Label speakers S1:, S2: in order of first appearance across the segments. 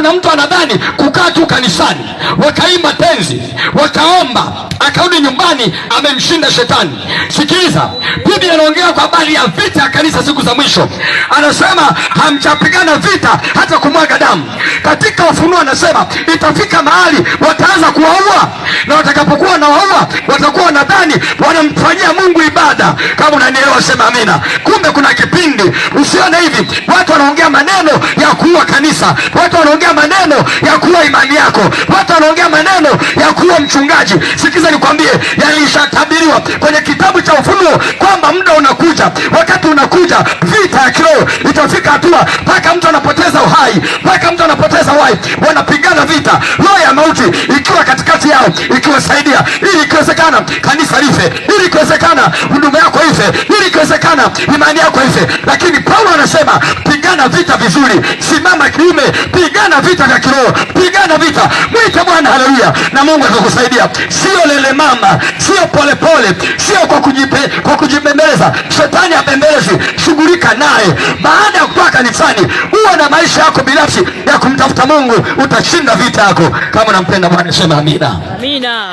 S1: kuna mtu anadhani kukaa tu kanisani wakaimba tenzi wakaomba akarudi nyumbani amemshinda shetani. Sikiliza, Biblia anaongea kwa habari ya vita ya kanisa siku za mwisho, anasema hamjapigana vita hata kumwaga damu. Katika Ufunuo anasema itafika mahali wataanza kuwaua, na watakapokuwa wanawaua watakuwa wanadhani wanamfanyia Mungu ibada. Kama unanielewa sema amina. Kumbe kuna kipindi usione hivi Watu wanaongea maneno ya kuua kanisa, watu wanaongea maneno ya kuua imani yako, watu wanaongea maneno ya kuua mchungaji. Sikiza nikwambie, yalishatabiriwa kwenye kitabu cha Ufunuo kwamba muda unakuja, wakati unakuja, vita ya kiroho itafika hatua mpaka mtu anapoteza uhai, mpaka mtu anapoteza uhai. Wanapigana vita, roho ya mauti ikiwa katikati yao, ikiwasaidia ili ikiwezekana kanisa life, ili ikiwezekana huduma yako ife ikiwezekana imani yako ife. Lakini Paulo anasema pigana vita vizuri, simama kiume, pigana vita vya kiroho, pigana vita, mwite Bwana, haleluya, na Mungu atakusaidia. Sio lele mama, sio polepole, sio kwa kujipe, kwa kujibembeleza. Shetani abembelezi, shughulika naye. Baada ya kutoka kanisani, huwa na maisha yako binafsi ya kumtafuta Mungu, utashinda vita yako. Kama unampenda Bwana sema amina, amina.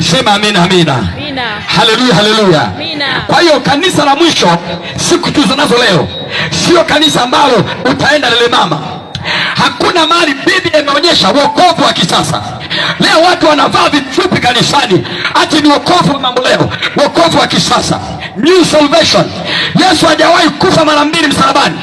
S1: Sema amina, amina, haleluya, haleluya. Kwa hiyo kanisa la mwisho siku tu zinazo leo sio kanisa ambalo utaenda lele mama Hakuna mahali Biblia imeonyesha wokovu wa kisasa. Leo watu wanavaa vifupi kanisani, ati ni wokovu wa mambo leo, wokovu wa kisasa, new salvation. Yesu hajawahi kufa mara mbili msalabani.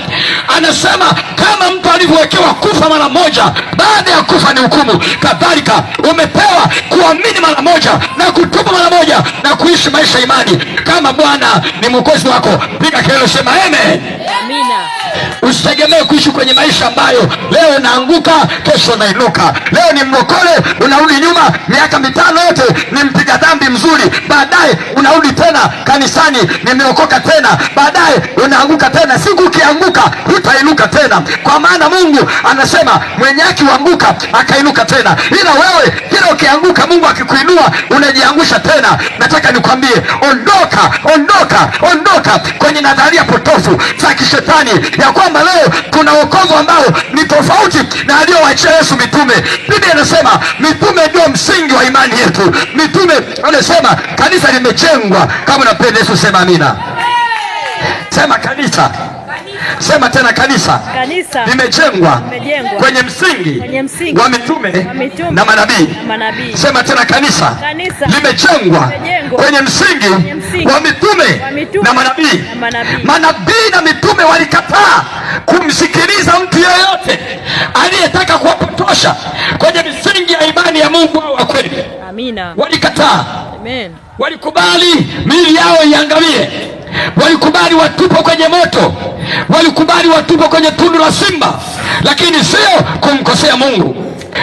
S1: Anasema kama mtu alivyowekewa kufa mara moja, baada ya kufa ni hukumu, kadhalika umepewa kuamini mara moja na kutubu mara moja na kuishi maisha imani. Kama Bwana ni mwokozi wako, piga kelele, sema amen. Amina. Usitegemee kuishi kwenye maisha ambayo leo unaanguka, kesho unainuka. Leo ni mlokole, unarudi nyuma, miaka mitano yote ni mpiga dhambi mzuri, baadaye unarudi tena kanisani, nimeokoka tena, baadaye unaanguka tena. Siku ukianguka hutainuka tena, kwa maana Mungu anasema mwenye haki huanguka akainuka tena, ila wewe kila ukianguka, Mungu akikuinua unajiangusha tena. Nataka nikwambie, ondoka, ondoka, ondoka kwenye nadharia potofu za kishetani ya kwamba leo kuna wokovu ambao tofauti na aliyowaachia Yesu mitume. Biblia inasema mitume ndio msingi wa imani yetu. Mitume anasema kanisa limejengwa. Kama unapenda Yesu sema amina, sema kanisa Sema tena, kanisa, kanisa limejengwa kwenye msingi, kwenye msingi wa mitume na manabii. Sema tena, kanisa, kanisa limejengwa kwenye msingi, wa mitume na manabii. Manabii na mitume walikataa kumsikiliza mtu yeyote aliyetaka kuwapotosha kwenye misingi ya imani ya Mungu wa kweli. Amina, walikataa Amen. Walikubali miili yao iangamie, walikubali watupwe kwenye moto, walikubali watupwe kwenye tundu la simba, lakini sio kumkosea Mungu,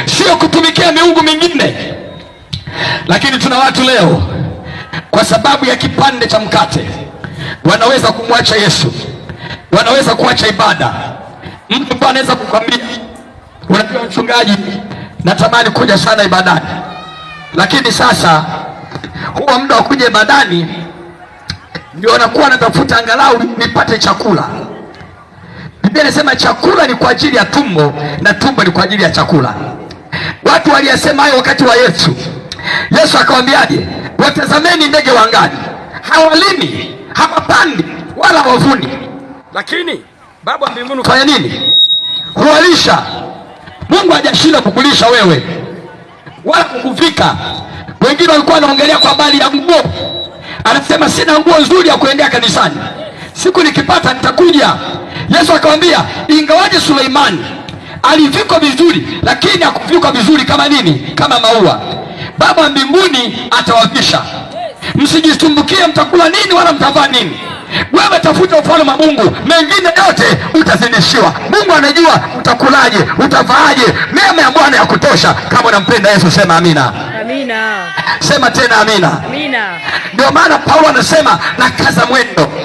S1: sio kutumikia miungu mingine. Lakini tuna watu leo, kwa sababu ya kipande cha mkate, wanaweza kumwacha Yesu, wanaweza kuacha ibada. Mtu anaweza kukwambia, unajua mchungaji, natamani kuja sana ibadani, lakini sasa huwa muda wa kuja ibadani ndio nakuwa natafuta angalau nipate chakula. Biblia inasema chakula ni kwa ajili ya tumbo na tumbo ni kwa ajili ya chakula. Watu waliyasema hayo wakati wa Yesu. Yesu akawaambiaje? Watazameni ndege wa angani, hawalimi, hawapandi wala hawavuni, lakini Baba wa mbinguni fanya nini? Huwalisha. Mungu hajashinda kukulisha wewe wala kukuvika wengine walikuwa wanaongelea kwa habari ya nguo, anasema sina nguo nzuri ya kuendea kanisani, siku nikipata nitakuja. Yesu akamwambia, ingawaje Suleimani alivikwa vizuri, lakini hakuvikwa vizuri kama nini? Kama maua. Baba wa mbinguni atawavisha. Msijisumbukie mtakula nini wala mtavaa nini. Wewe tafuta ufalme wa Mungu, mengine yote utazidishiwa. Mungu anajua utakulaje, utavaaje. Neema ya Bwana ya kutosha. Kama unampenda Yesu, sema amina. Amina. Sema tena amina, amina. Ndio maana Paulo anasema nakaza mwendo.